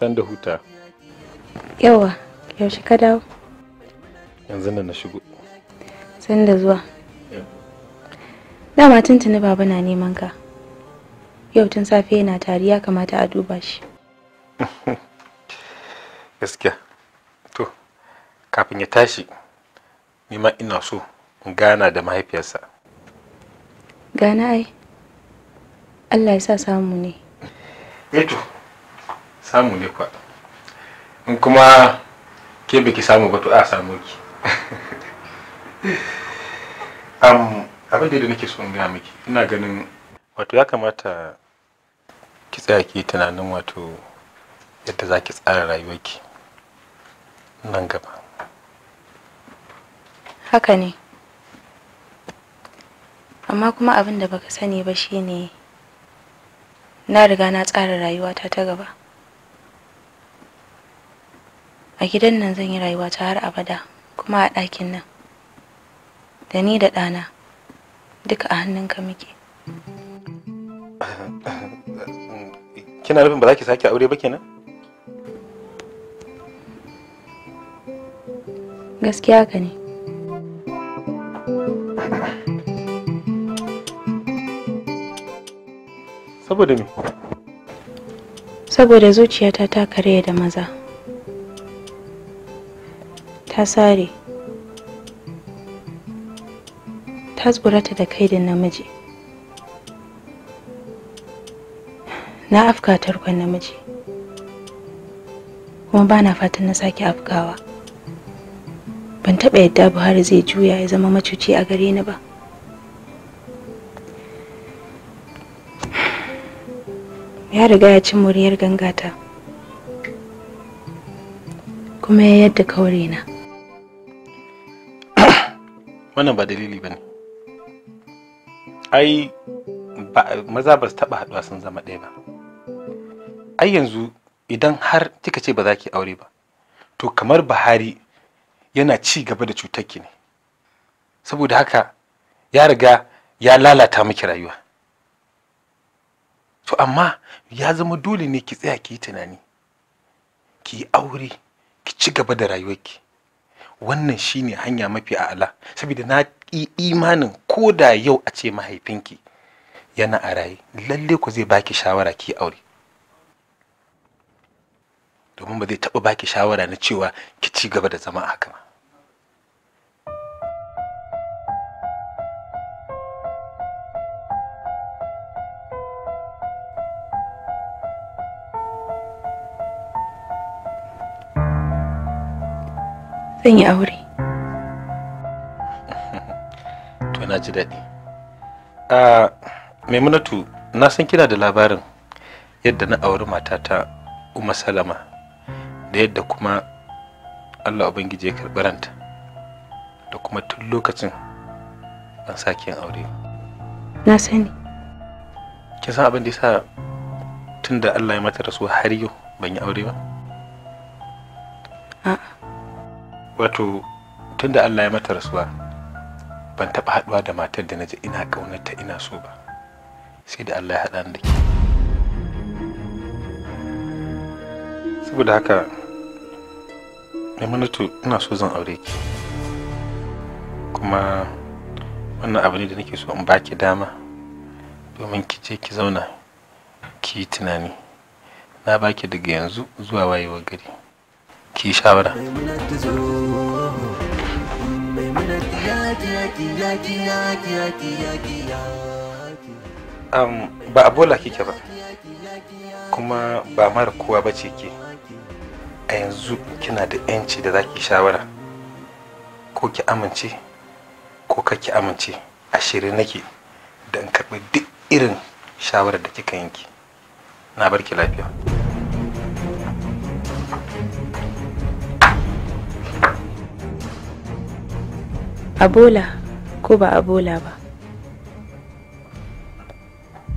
can da huta yawa yaushe ka dawo yanzu da na shigo san da zuwa dama tuntuni baba na neman ka yau tun safe yana tari ya kamata a duba shi gaskiya to kafin ya tashi ni ma ina so in gana da mahaifiyarsa gana ai allah ya sa samu ne eto eh samu ne kwa in kuma ke biki samu ba to a samu ki um, abin da nake so in gaya miki ina ganin wato ya kamata ki tsaya ki tunanin wato yadda za ki tsara rayuwarki nan gaba haka ne amma kuma abin da baka sani ba shine na riga na tsara rayuwata ta gaba a gidan nan zan yi rayuwa ta har abada kuma a ɗakin nan da ni da ɗana duka a hannunka muke kina nufin ba za ki sake aure ba kenan gaskiya ka ne saboda me saboda zuciyata ta karya da maza ta sare ta tsorata da kai da namiji na afka tarkon namiji kuma ba na fatan na sake afkawa ban taɓa yadda buhari zai juya ya zama macuci a gare ni ba ya riga ya ci muryar gangata kuma ya yadda kaurena na wannan ba dalili bane ne ai maza ba su taɓa haɗuwa sun zama ɗaya ba ai yanzu idan har kika ce ba za ki aure ba to kamar buhari yana ci gaba da cutar ki ne saboda haka ya riga ya lalata miki rayuwa to amma ya zama dole ne ki tsaya ki yi tunani ki yi aure ki ci gaba da rayuwarki wannan shine hanya mafi a'ala saboda na imanin ko da yau a ce mahaifinki yana a raye lalle ku zai baki shawara ki aure domin ba zai taɓa baki shawara na cewa ki ci gaba da zama haka ba zan yi aure to na ji daɗi a maimunatu na san kina da labarin yadda na auri matata umma salama da yadda kuma allah ubangiji ya karɓi ranta da kuma tun lokacin ban sake yin aure na sani kin san abin da yasa tun da allah ya mata rasu har yau ban yi aure ba a'a wato tunda Allah ya mata rasuwa ban taɓa haɗuwa da matar da naji ina ta ina so ba sai da Allah ya haɗa ni da ke saboda haka maimunatu ina so zan aure ki kuma wannan abu ne da nake so in baki dama domin ki ce ki zauna ki tunani na baki daga yanzu zuwa wayewar gari ki shawara um, ba abola kike ba kuma ba mara kowa ba ce ke a yanzu kina da yanci da za ki shawara ko ki amince ko ka ki amince a shirin nake da in karɓi duk irin shawarar da kika yanki na barki lafiya bola ko ba abola ba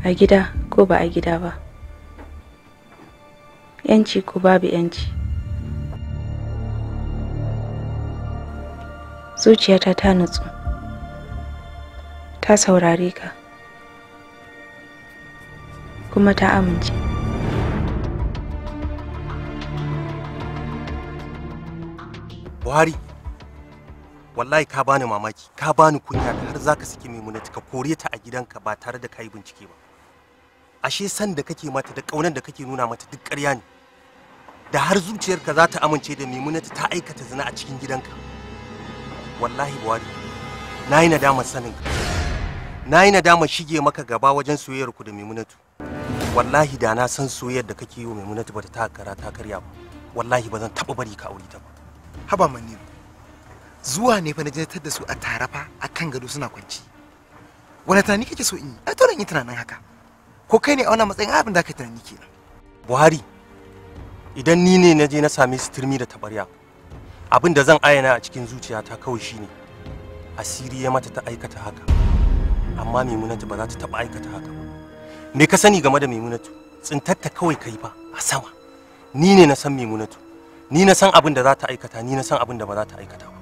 a gida ko ba a gida ba yanci ko babu yanci zuciyata ta nutsu ta saurare ka kuma ta amince buhari wallahi ka bani mamaki ka bani kunya har zaka saki maimunati ka kore ta a gidanka ba tare da kai bincike ba ashe san da kake mata da kaunar da kake nuna mata duk ƙarya ne da har zuciyarka za ta amince da maimunati ta aikata zina a cikin gidanka wallahi buwari na yi nadamar sanin ka na yi nadamar shige maka gaba wajen soyayyar ku da maimunatu wallahi da na san soyayyar da kake yi wa maimunatu ba ta ta karya ba wallahi ba zan taɓa bari ka aure ta ba haba manni zuwa ne fa na jinatar da su a tare fa a kan gado suna kwanci wani tunani kake so in yi ai dole in yi tunanin haka ko kai ne a wannan matsayin abin da ka tunani kenan buhari idan ni ne na je na same su turmi da tabarya abin da zan ayyana a cikin zuciyata kawai shine asiri ya mata ta aikata haka amma maimunatu ba za ta taba aikata haka me ka sani game da maimunatu tsintarta kawai kai ba a sama ni ne na san maimunatu ni na san abin da za ta aikata ni na san abin da ba za ta aikata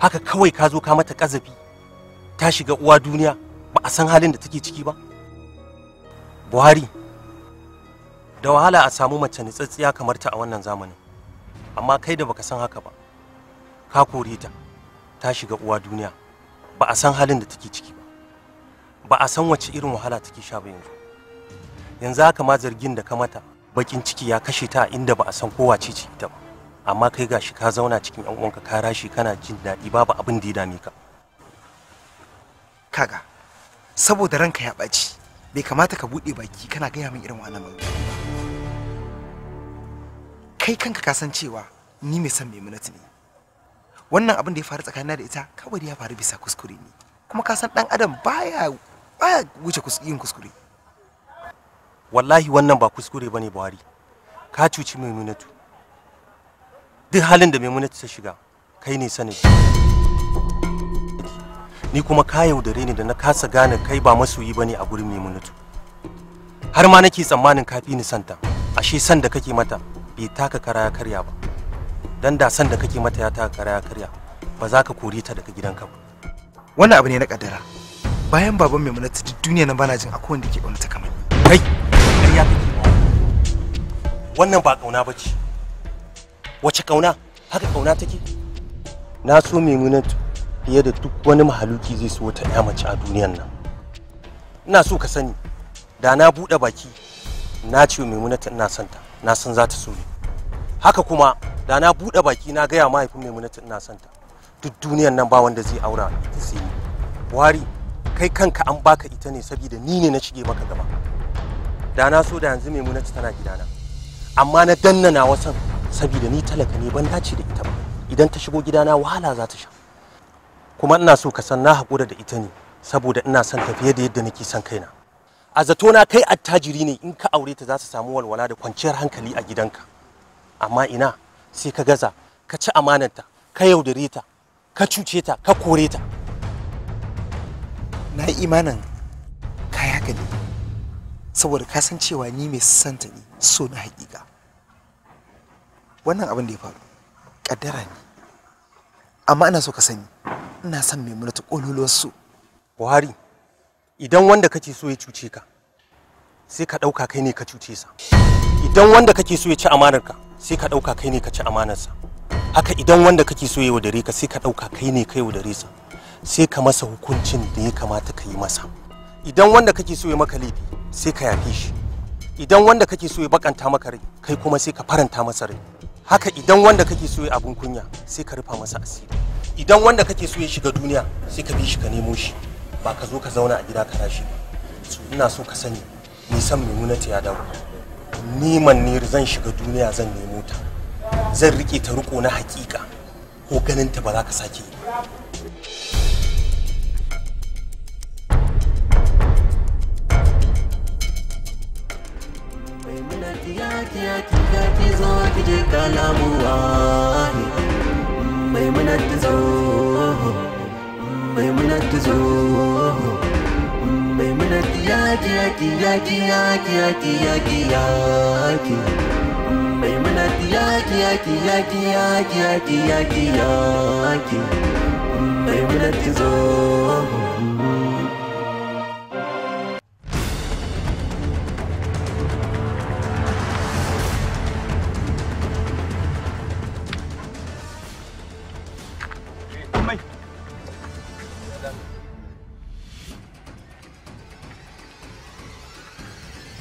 haka kawai ka zo ka mata ƙazafi ta shiga uwa duniya ba a san halin da take ciki ba buhari da wahala a samu mace nitsatsiya kamar ta a wannan zamanin amma kai da baka san haka ba ka kore ta ta shiga uwa duniya ba a san halin da take ciki ba ba a san wace irin wahala take sha ba yanzu yanzu haka ma zargin da ka mata bakin ciki ya kashe ta inda ba a san kowa ce ita ba amma kai gashi ka zauna cikin yan uwanka ka rashi kana jin daɗi babu abin da ya dame ka kaga saboda ranka ya ɓaci bai kamata ka buɗe baki kana gaya min irin wannan magana kai kanka ka san cewa ni mai san minati ne wannan abin da ya faru tsakanin da ita kawai ya faru bisa kuskure ne kuma ka san ɗan adam baya baya wuce yin kuskure wallahi wannan ba kuskure bane buhari ka cuci maimunatu duk halin da maimunatu ta shiga kai ne sanin ni kuma ka yaudare ni da na kasa gane kai ba masoyi bane a gurin maimunatu har ma nake tsammanin ka fi ni santa ashe san da kake mata bai taka kara ya karya ba dan da san da kake mata ya taka kara ya karya ba za ka kore ta daga gidanka ba wannan abu ne na kaddara bayan baban maimunatu duk duniya na bana jin akwai wanda ke ta kamar kai kariya kake wannan ba kauna bace wace kauna haka kauna take na so maimunatu fiye da duk wani mahaluki zai so ta ya mace a duniyan nan ina so ka sani da na buɗe baki na ce maimunatu ina son ta na san za ta so ni haka kuma da na buɗe baki na gaya mahaifin maimunatu ina son ta duk duniyan nan ba wanda zai aura ita sai ni wari kai kanka an baka ita ne saboda ni ne na shige maka gaba da na so da yanzu maimunatu tana gidana amma na danna na wasan saboda ni talaka ne ban dace da ita ba idan ta shigo gidana wahala za ta sha kuma ina so ka san na haƙura da ita ne saboda ina son ta fiye da yadda nake son kaina a zato na kai attajiri ne in ka aure ta za su samu walwala da kwanciyar hankali a gidanka amma ina sai ka gaza ka ci amanarta ka yaudare ta ka cuce ta ka kore ta na imanin kaya gani saboda ka cewa ni mai santa ne so na haƙiƙa wannan abin da ya faru ƙaddara ne amma ina so ka sani ina son maimuna ta ƙololuwar so buhari idan wanda kake so ya cuce ka sai ka ɗauka kai ne ka cuce sa idan wanda kake so ya ci amanar ka sai ka ɗauka kai ne ka ci amanar sa haka idan wanda kake so ya wadare ka sai ka ɗauka kai ne ka yaudare sa sai ka masa hukuncin da ya kamata ka yi masa idan wanda kake so ya maka laifi sai ka yafe shi idan wanda kake so ya bakanta maka rai kai kuma sai ka faranta masa rai haka idan wanda kake so ya abun kunya sai ka rufa masa asiri idan wanda kake so ya shiga duniya sai ka bi shi ka nemo shi ba ka zo ka zauna a gida ka rashi ba ina so ka sani nisan ta ya dawo niman ne zan shiga duniya zan nemo ta zan rike ta riko na hakika ko ganin ta ba za ka sake yi yake hakika ki zo ki je kalamu wahi maimunat zo maimunat zo maimunat yake yake yake yake yake yake yake maimunat yake yake yake yake yake yake yake maimunat zo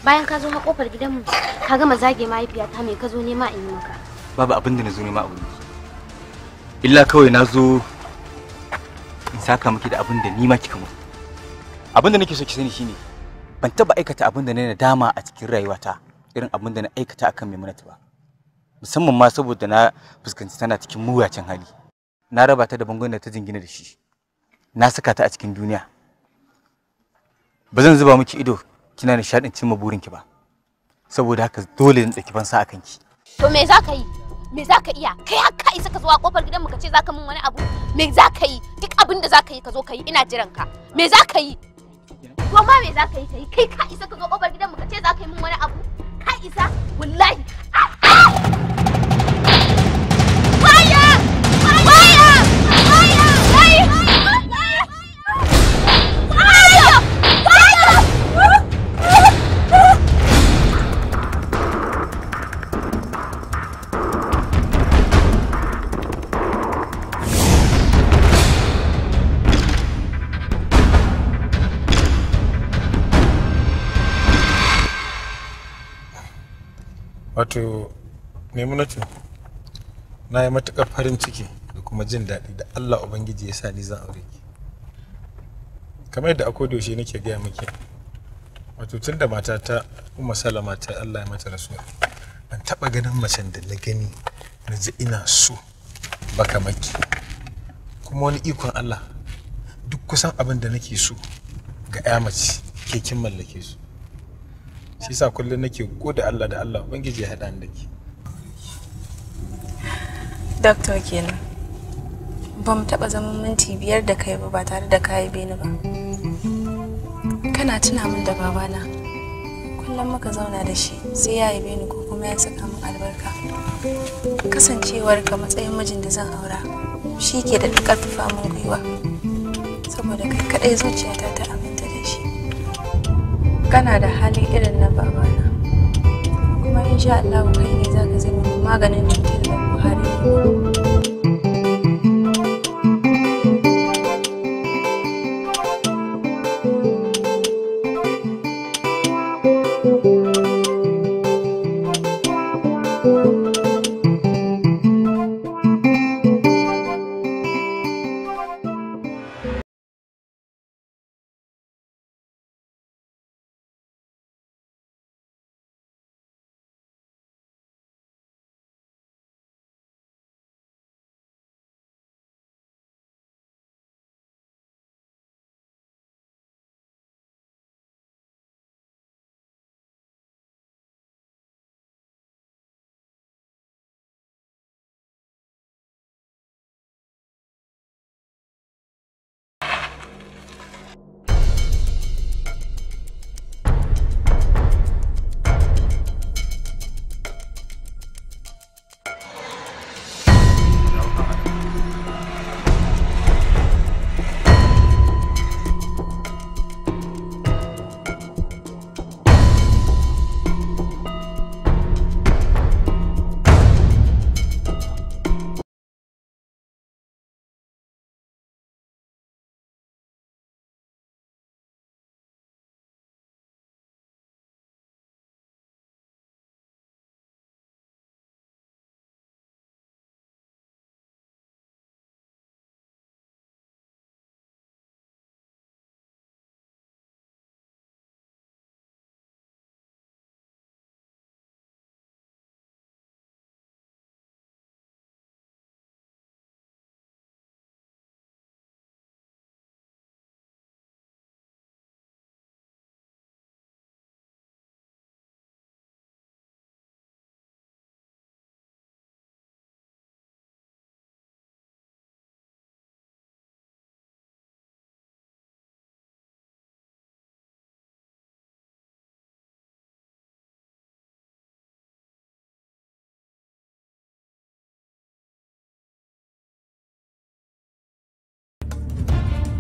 bayan ka zo kofar gidanmu ka gama zage mahaifiyata mai ka zo nema in yi maka babu abin da na zo nema abin illa kawai na zo in saka miki da abin da ni kika mu abin da nake so ki sani shine ban taba aikata abin da na nadama a cikin rayuwata irin abin da na aikata akan munata ba musamman ma saboda na fuskanci tana cikin mawuyacin hali na raba ta da bangon da ta jingina da shi na saka ta a cikin duniya ba zan zuba miki ido kina nishadin cimma burinki ba saboda haka dole in tsaki fansa akan ki to me za ka yi me za ka iya kai haka isa ka zo a kofar gidanmu ka ce za ka min wani abu me za ka yi duk abin da za ka yi ka zo ka yi ina jiran ka me za ka yi to ma me za ka yi ka yi kai ka isa ka zo kofar gidanmu ka ce za ka yi min wani abu ka isa wallahi ah, ah! Why maimunatu na yi matuƙar farin ciki da kuma jin daɗi da allah ubangiji ya sa ni zan aure ki kamar yadda akwai yaushe nake gaya miki wato tun da ta kuma salama ta allah ya mata rasuwa an taɓa ganin macen da na gani na ji ina so baka maki kuma wani ikon allah duk kusan abin da nake so ga 'ya mace ke kin mallake su shi sa kullum nake gode allah da allah ubangiji ya haɗa ni da ke Doctor kenan. Bamu taba zaman minti biyar da kai ba ba tare da kayi beni ba. Kana tuna min da babana. Kullum muka zauna da shi sai ya yi beni ko kuma ya saka min albarka. Kasancewar ka matsayin mijin da zan aura shi ke da ƙarfafa min gwiwa. Saboda kai kaɗai zuciyata ta aminta da shi. Kana da hali irin na babana. Kuma insha Allah kai ne zaka zama maganin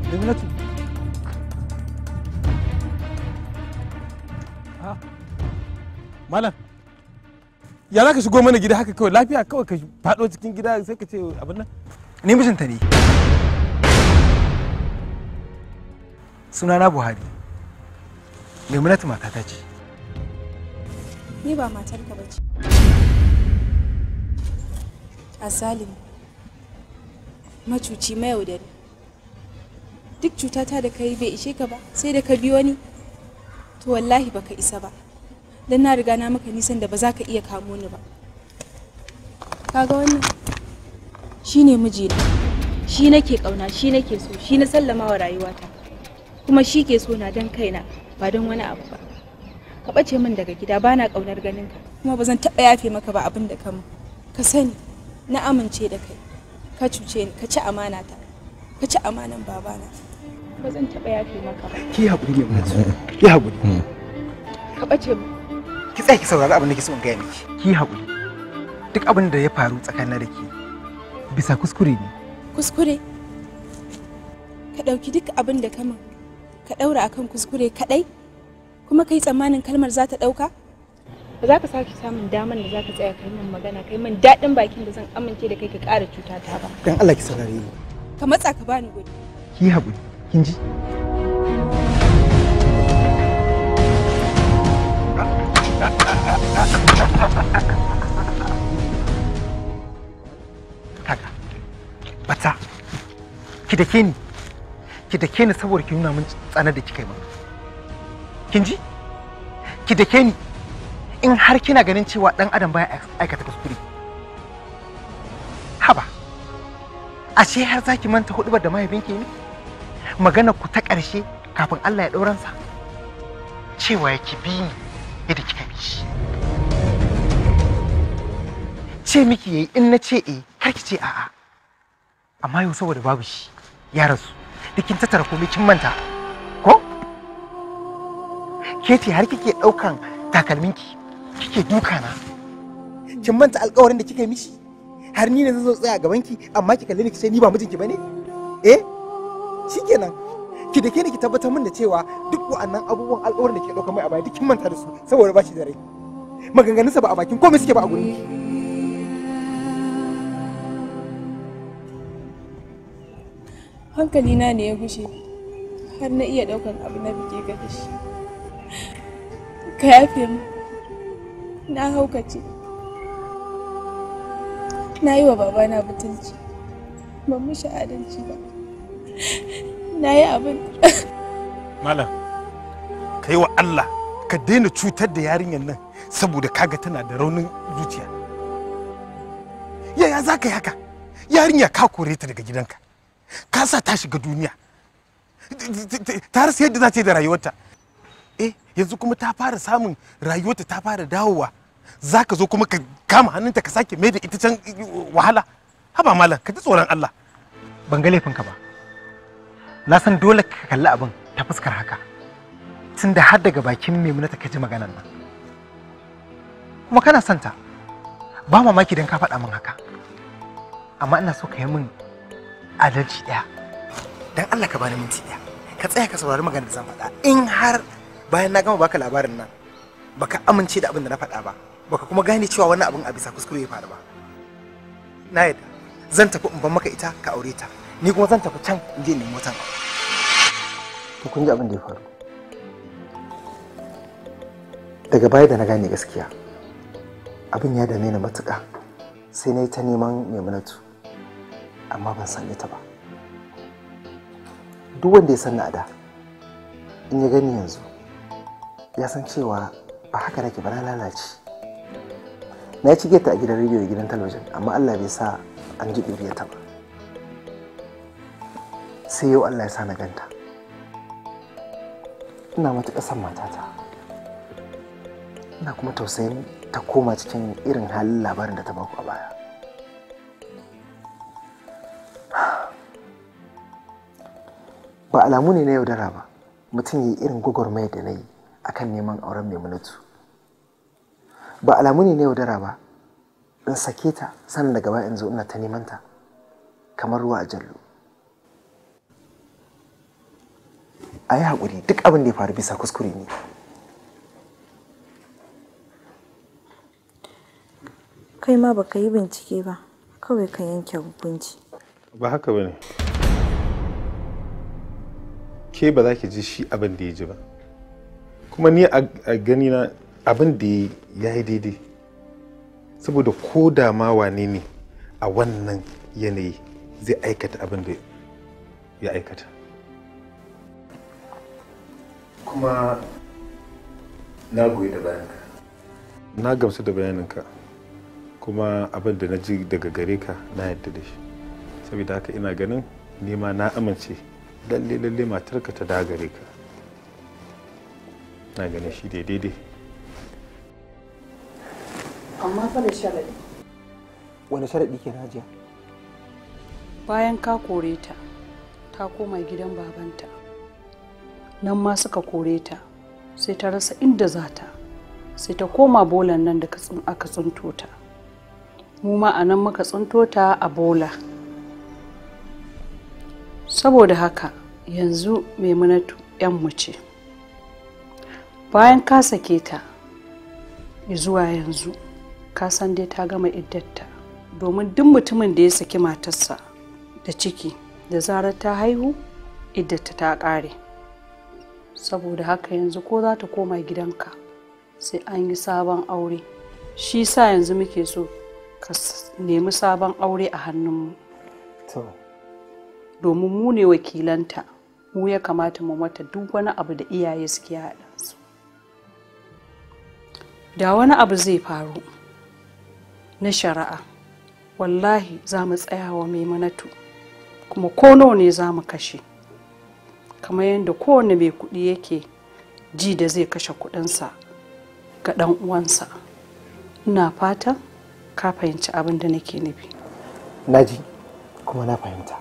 Jannatu. Ah. Malam. Ya za ka shigo mana gida haka kawai lafiya kawai ka faɗo cikin gida sai ka ce abin nan. Ni mijinta ne. Sunana Buhari. Maimunatu matata ce. Ni ba ka ba a Azalim. Macuci mayaudari. duk cutata da kai bai ishe ka ba sai da ka bi wani to wallahi baka isa ba dan na riga na maka nisan da ba za ka iya kamo ni ba kaga wannan shine mijina shi nake kauna shi nake so shi na sallama wa rayuwata kuma shi ke so na dan kaina ba don wani abu ba ka bace min daga gida bana kaunar ganin ka kuma ba zan taba yafe maka ba abin da ka mu ka sani na amince da kai ka cuce ni ka ci amana ta ka ci amanan babana ba zan taɓa yafe maka ba ki haƙuri ne mun ki haƙuri hmm. ka ɓace mu ki tsaya ki saurari abin da ke so in gaya miki ki haƙuri duk abin da ya faru tsakanin da ke bisa kuskure ne kuskure ka ɗauki duk abin da kama ka ɗaura akan kuskure kaɗai kuma kai tsammanin kalmar za ta ɗauka ba za ka sake samun damar da za ka tsaya kai min magana kai min daɗin bakin da zan amince da kai ka ƙara cuta ta ba. Dan Allah ki saurare ni. Ka matsa ka bani guri. Ki haƙuri. kin ji bata ki da ke ni ki da ke ni saboda ki nuna min tsanar da kika yi min kin ji ki da ke ni in har kina ganin cewa dan adam baya aikata kuskure haba ashe har zaki manta hudubar da mahaifinki ne magana ku ta ƙarshe kafin Allah ya ɗauransa cewa yake bi ni yadda kika bi shi ce miki yayi in na ce eh kar ki ce a'a amma yau saboda babu shi ya rasu kin tattara komai kin manta ko ke ce har kike ɗaukan takalminki kike dukana kin manta alƙawarin da kika mishi har ni ne zan zo tsaya gaban ki amma ki kalle ni ki ce ni ba mijinki bane eh shikenan ki da ke ne ki tabbatar min da cewa duk wa'annan abubuwan al'uwar da ke ɗauka mai a baya duk kin manta da su saboda ba shi da rai sa ba a bakin komai suke ba a gurin ki na ne ya gushe har na iya ɗaukan abu na bige ga shi ka yafe mu na haukace na yi wa babana butulci ban mishi adalci ba na yi abin malam ka yi wa allah ka daina cutar da yarinyar nan saboda kaga tana da raunin zuciya yaya za ka yi haka yarinya ka kore ta daga gidanka ka sa ta shiga duniya ta rasa yadda za ta yi da rayuwarta eh yanzu kuma ta fara samun rayuwarta ta fara dawowa za ka zo kuma ka kama hannunta ka sake mai da ita can wahala haba malam ka ji tsoron allah ban ga laifinka ba na san dole ka kalli abin ta fuskar haka tun da har daga bakin maimunata ka ji maganar nan kuma kana son ta ba mamaki don ka faɗa min haka amma ina so ka yi min adalci ɗaya don Allah ka bani minti ɗaya ka tsaya ka saurari maganar da zan faɗa in har bayan na gama baka labarin nan baka amince da abin da na faɗa ba baka kuma gane cewa wannan abin a bisa kuskure ya faru ba na yadda zan tafi in ban maka ita ka aure ta ni kuma zan tafi can in je nemi to kun ji abin da ya faru daga baya da na gane gaskiya abin ya dame ni matuƙa sai na yi ta neman maimunatu amma ban san ita ba duk wanda ya san na da in ya gani yanzu ya san cewa ba haka nake ba na lalace na ci geta a gidan rediyo da gidan talabijin amma allah bai sa an ji ta ba sai yau Allah ya sa na ganta ina matuƙar son matata ina kuma tausayin ta koma cikin irin halin labarin da ta baku a baya ba alamu ne na yaudara ba mutum yi irin gwagwarmaya da na yi a neman auren mai maimunatu ba alamu ne na yaudara ba in sake ta sanin daga baya in zo ina ta neman ta kamar ruwa a jallu. a yi haƙuri duk abin da ya faru bisa kuskure ne kai ma baka yi bincike ba kawai ka yanke hukunci ba haka ba ke ba za ki ji shi abin da ya ji ba kuma ni a gani na abin da ya yi daidai saboda ko da ma wane ne a wannan yanayi zai aikata abin da ya aikata kuma na goyi da bayanka na gamsu da bayaninka kuma abin da na ji daga gare ka na yadda da shi saboda haka ina ganin nema na amince lalle lalle matarka ta da gare ka na ganin shi daidai dai amma fa da sharadi wani sharadi ke rajiya bayan ka kore ta ta koma gidan babanta nan ma suka kore ta sai ta rasa inda za ta sai ta koma bolan nan da aka tsinto ta mu ma a nan muka tsinto ta a bola saboda haka yanzu maimunatu mu ce bayan ka sake ta zuwa yanzu ka san dai ta gama iddatta domin duk mutumin da ya saki matarsa da ciki da zarar ta haihu iddata ta ƙare. saboda haka yanzu ko za ta koma gidanka sai an yi sabon aure shi sa yanzu muke so ka nemi sabon aure a hannunmu domin mu ne wakilanta mu ya kamata mu mata duk wani abu da iyaye suke haɗa da wani abu zai faru na shari'a wallahi za mu tsayawa maimunatu kuma ko nawa ne za mu kashe kamar yadda kowane mai kuɗi yake ji da zai kashe kuɗinsa ga ɗan uwansa ina fata ka fahimci abin da nake nufi na ji kuma na fahimta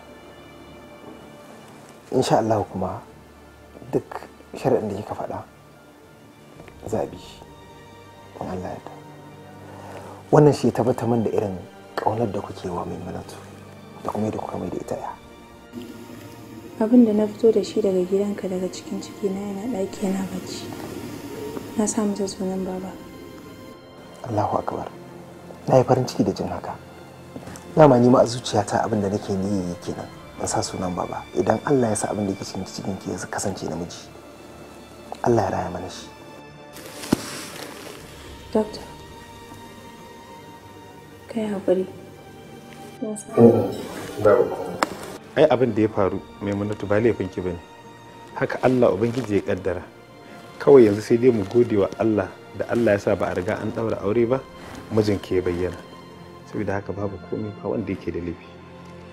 insha Allah kuma duk shari'in da kika faɗa zabi in Allah ya wannan shi ya min da irin ƙaunar da kuke wa maimunatu da kuma yadda kuka mai da ita ya abin da na fito da shi daga gidanka daga cikin ciki na yana ɗaki yana bacci na sa masa sunan baba Allahu akbar na yi farin ciki da jin haka dama ni ma a zuciyata abin da nake niyyi kenan in sa sunan baba idan Allah ya sa abin da yake cikin cikin ki ya kasance namiji Allah ya raya mana shi Doctor kai hakuri eh, Babu ai abin da ya faru mai maimunatu ba laifin ki bane haka Allah ubangiji ya kaddara kawai yanzu sai dai mu gode wa Allah da Allah ya sa ba a riga an daura aure ba mijin ke bayyana saboda haka babu komai ba wanda yake da laifi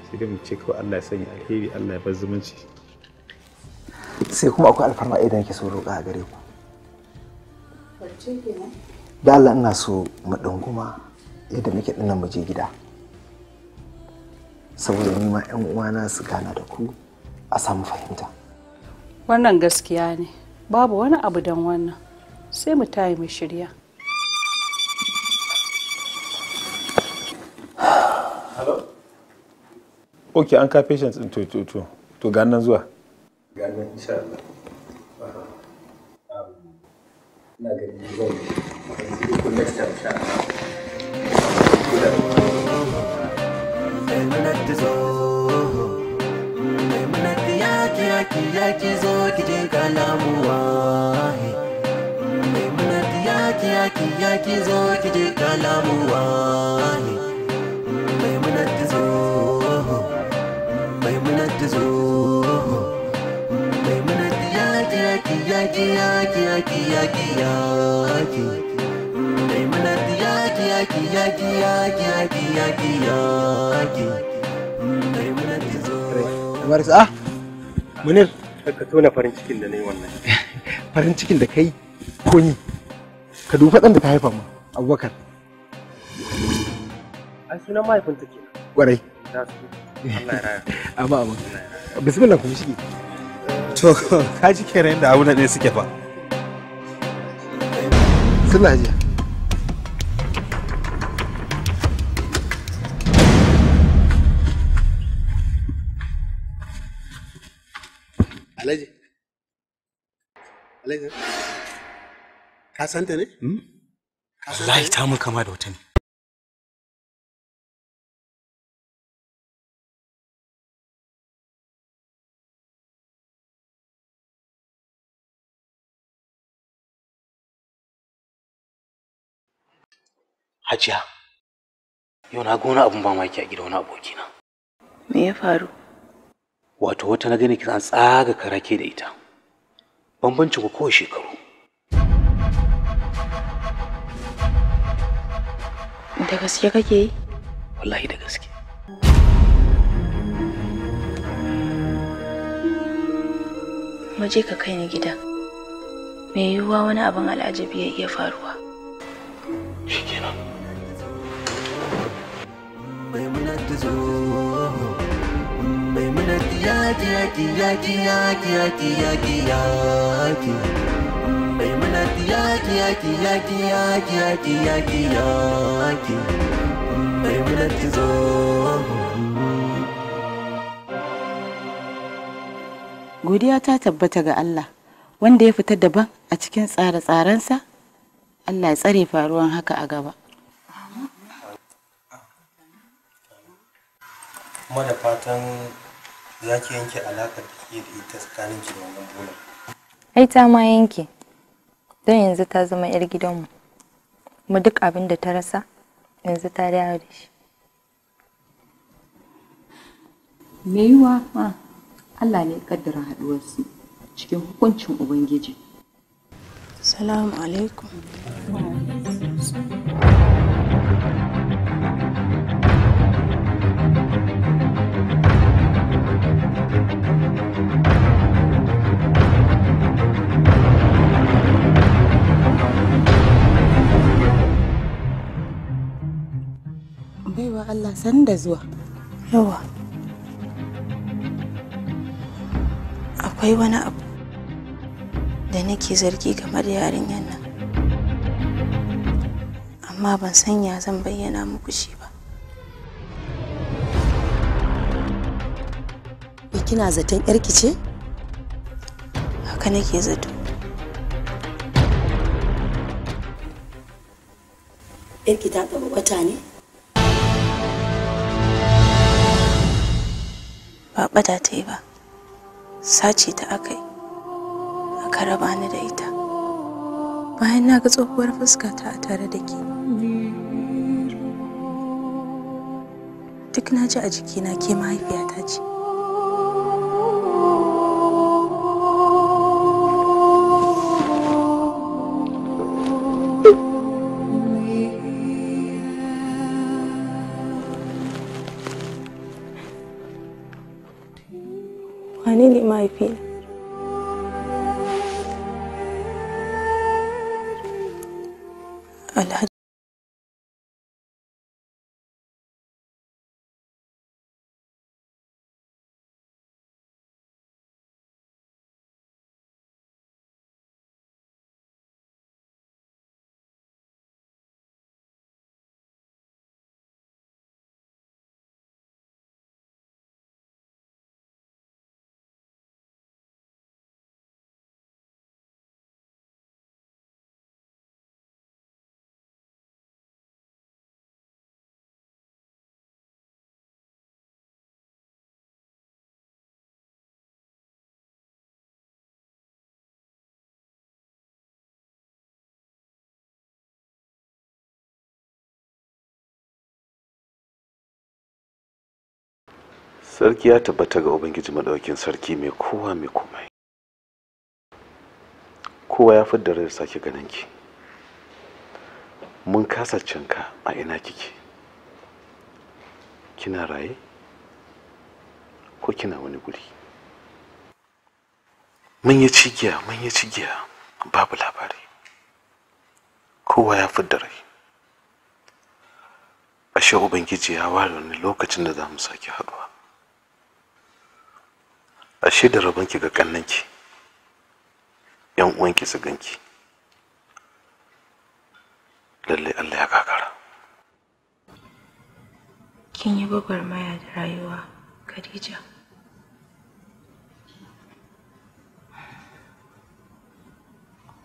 sai dai mu ce kawai Allah ya sanya alheri Allah ya bar zumunci sai kuma akwai alfarma idan yake so roƙa a gare ku da Allah ina so mu dunguma yadda muke dinnan mu je gida saboda nima 'yan uwana su gana da ku a samu fahimta wannan gaskiya ne babu wani abu don wannan sai mu tayi mu shirya ok an ka patients in to to ganin zuwa ganin insha Allah um, ina ganin zan next time insha Allah maimunar ta zo maimunar yaki yaki yaki yaki yaki yaki ah, ka tona farin cikin da wannan farin cikin da kai ko ni ka da ma abubakar ai sunan mahaifinta ke kwarai to abu da ne suke fa Alhaji. Alhaji. Ka santa ta ne? Hmm? Wallahi ta mun kama da wata ne. Hajiya, yau na gona abin mamaki a gida wani abokina. Me ya faru? wato wata na gani kisan tsaga karake da ita bambancin ku kowace shekaru da gaske kake yi wallahi da gaske maje ka kai ni gida mai yiwuwa wani abin al'ajabi ya iya faruwa shikenan maimuna kiya kiya kiya kiya kiya kiya kiya maimuna kiya kiya kiya kiya kiya kiya kiya maimuna ki zo godiya ta tabbata ga Allah wanda ya fita daban a cikin tsare-tsarensa Allah ya tsare faruwan haka a gaba. Kuma da fatan za ki yanke alaƙar da ke da ita tsakanin ki da wannan bola. Ai ta ma yanke. Don yanzu ta zama 'yar gidanmu. Mu duk abin da ta rasa yanzu ta dawo da shi. Me yiwa ma Allah ne kaddara haɗuwarsu cikin hukuncin Ubangiji. Salamu alaikum. baiwa Allah san da zuwa. Yawa. Akwai wani abu da nake zargi game da yarinyar nan. Amma ban san ya zan bayyana muku shi ba. Kina zaton ƴarki ce? Haka nake zato. ƴarki ta taba wata ne? ba bada ta yi ba sace ta aka yi aka raba ni da ita bayan na ga tsohuwar fuska ta a tare da ke duk na ji a jikina ke mahaifiyata ce sarki ya tabbata ga ubangiji madaukin sarki mai kowa mai komai kowa ya fi da sake ganin ki mun kasa cinka a ina kike kina raye ko kina wani guri mun yi cigiya mun yi cigiya babu labari kowa ya fi dare rai ashe ubangiji ya ware wani lokacin da za mu sake haɗuwa ashe da rabon ki ga kannanki yan uwanki su ganki lalle Allah ya kakara kin yi gwagwarmaya da rayuwa Khadija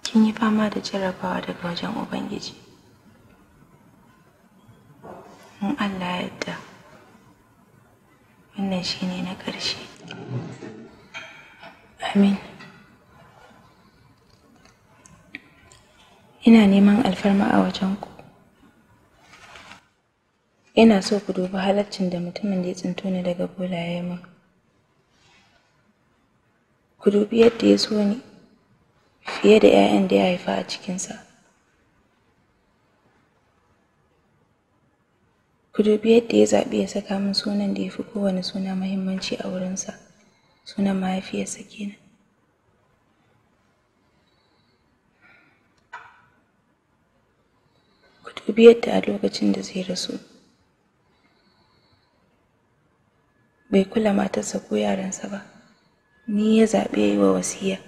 kin yi fama da jarabawa daga wajen Ubangiji in Allah ya yarda wannan shine na ƙarshe Amin. Ina neman alfarma a wajenku. Ina so ku dubi halaccin da mutumin da ya tsinto ni daga bola ya yi min. Ku dubi yadda ya so ni fiye da 'ya'yan da ya haifa a cikinsa. Ku dubi yadda ya zaɓi ya saka min sunan da ya fi kowane suna muhimmanci a wurinsa. sunan mahaifiyarsa kenan ku dubi yadda a lokacin da zai rasu bai kula matarsa ko yaransa ba ni ya zaɓe yi wa wasiya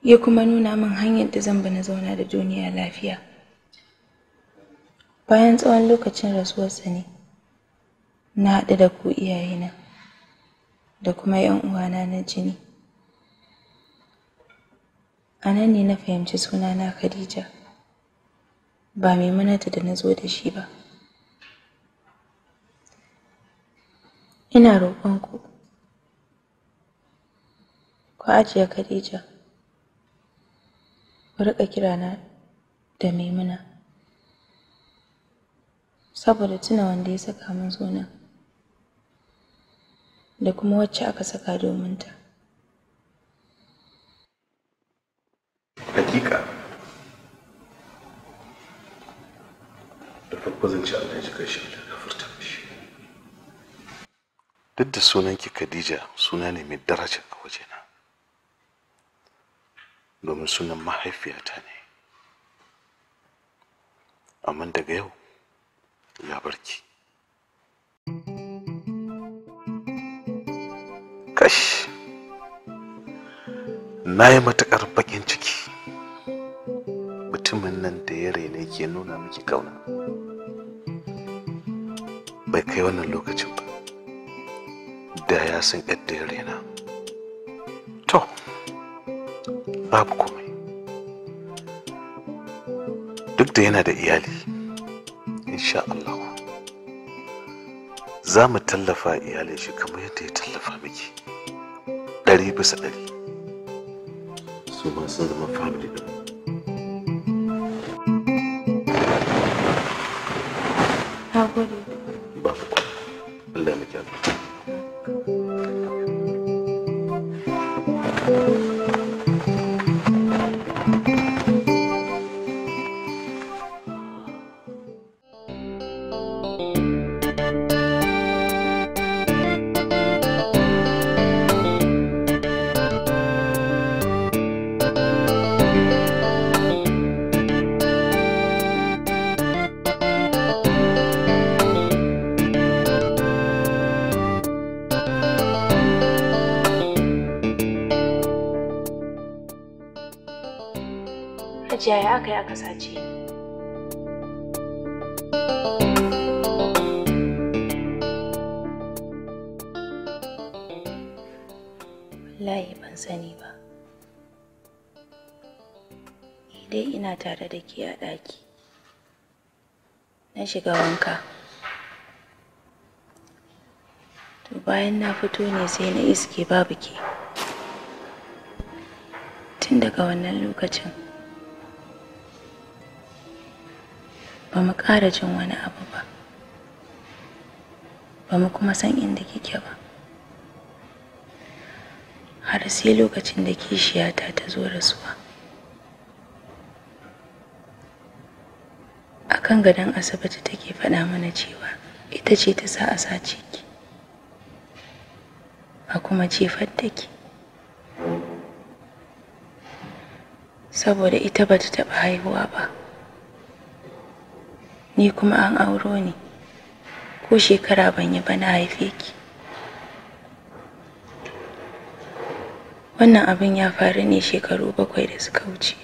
ya kuma nuna min hanyar da zan bi na zauna da duniya lafiya bayan tsawon lokacin rasuwarsa ne na haɗu da ku iyayena da kuma 'yan uwana na jini. A nan ne na fahimci sunana Khadija, ba Maimunatu da na zo da shi ba. Ina roƙonku, ku ajiye Khadija, ku riƙa kirana da Maimuna, saboda tuna wanda ya saka min sunan. da kuma wacce aka saka domin ta. Hakika da farko zan ce Allah ya ji ƙarshen da kafurta mishi. Duk da sunanki Khadija suna ne mai daraja a wajena. Domin sunan mahaifiyata ne. Amma daga yau ya barki. na yi matuƙar baƙin ciki mutumin nan da ya raina ke nuna miki kauna bai kai wannan lokacin ba da ya san yadda ya raina to babu komai duk da yana da iyali insha Allah za mu tallafa iyalin shi kamar yadda ya tallafa miki ɗari bisa ɗari sumação de uma fábrica. Hajiya ya aka yi aka sace ni. Wallahi ban sani ba. Dai ina tare da ke a ɗaki. Na shiga wanka. To bayan na fito ne sai na iske babu ke. Tun daga wannan lokacin. ba mu ƙara jin wani abu ba ba mu kuma san inda kike ba har sai lokacin da kishiyata ta zo rasuwa Akan kan gadon asibiti take faɗa mana cewa ita ce ta sa a sace ki a kuma ce da ki saboda ita bata taɓa haihuwa ba ni kuma an auro ni ko shekara ban yi ba na haife ki wannan abin ya faru ne shekaru bakwai da suka wuce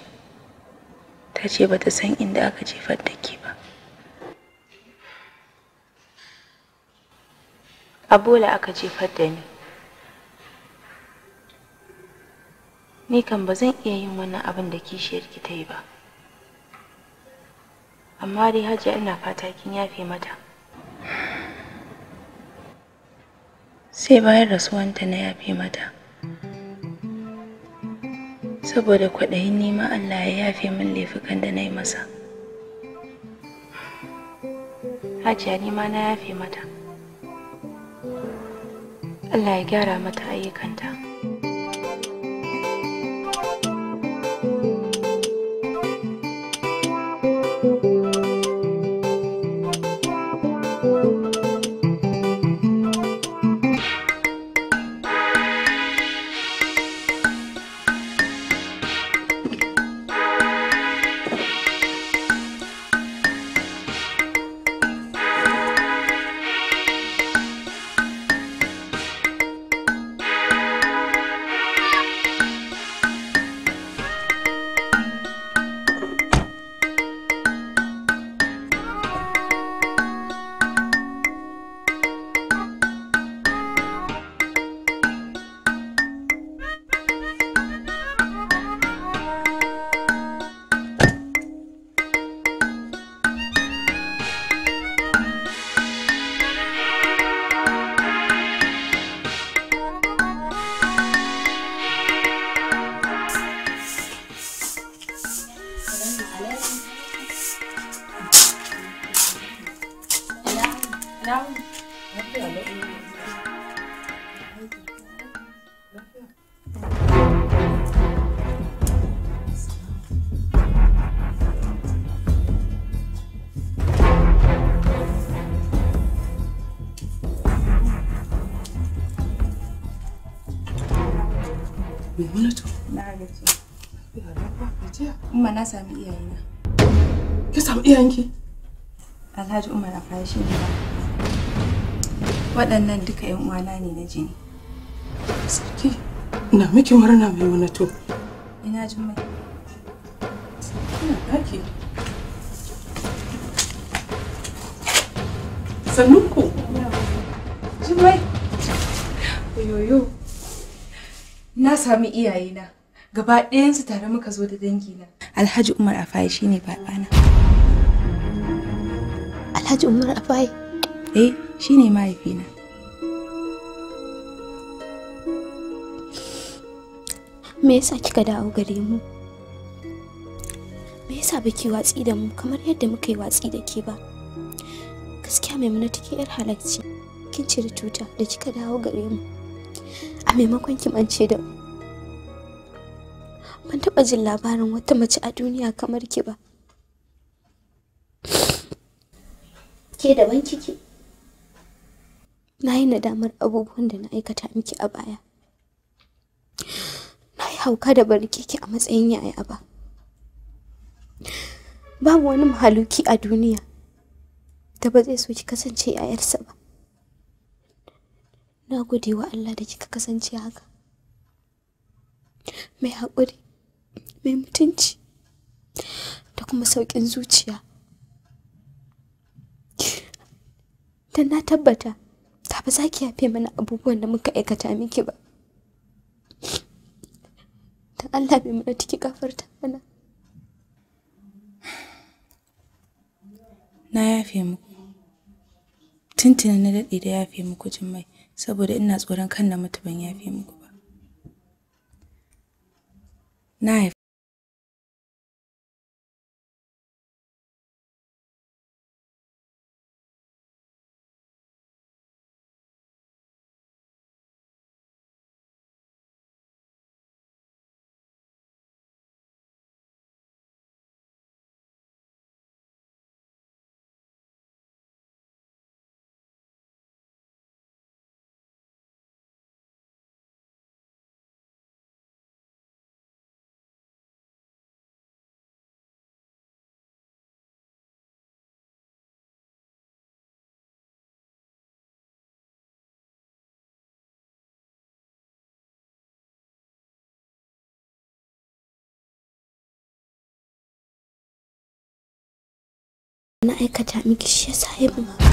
ta ce ba ta san inda aka jefar da ke ba a bola aka jefar da ni ni kan ba zan iya yin wannan abin da ki ta yi ba amma dai hajiya ina fata kin yafe mata sai bayan rasuwanta na yafe mata saboda kwaɗayin nema Allah ya yafe min laifukan da na yi masa hajiya ma na yafe mata Allah ya gyara mata ayyukanta. gidanki? Alhaji Umar a shi ne Waɗannan duka ‘yan uwana ne na jini. Sarki, na miki murna mai wani to. Ina jin mai. Ina ɗaki. Sannunku. Jimai. Oyoyo. Na sami iyayena. Gaba ɗayansu tare muka zo da dangina. Alhaji Umar a shi ne ba ɗana. Alhaji Umar Afai. Eh, shi ne mahaifina. Me yasa kika dawo gare mu? Me yasa baki watsi da mu kamar yadda muka yi watsi da ke ba? Gaskiya Maimuna take yar halacci. Kin cire tuta da kika dawo gare mu. A maimakon ki mance da mu. Ban taɓa jin labarin wata mace a duniya kamar ki ba. ke daban ciki na yi nadamar abubuwan da na aikata miki a baya na yi hauka da bari keke a matsayin yaya ba babu wani mahaluki a duniya da ba zai so ki kasance yayarsa ba na gode wa Allah da kika kasance haka mai haƙuri mai mutunci da kuma sauƙin zuciya dan na tabbata ta ba za ki yafe mana abubuwan da muka aikata miki ba ta Allah bai mana tiki kafarta mana na yafe muku tuntuna na daɗe da yafe muku Jummai, saboda ina tsoron kan na mutu ban yafe muku ba na bana el açan bir kişiye sahip olmalıyım.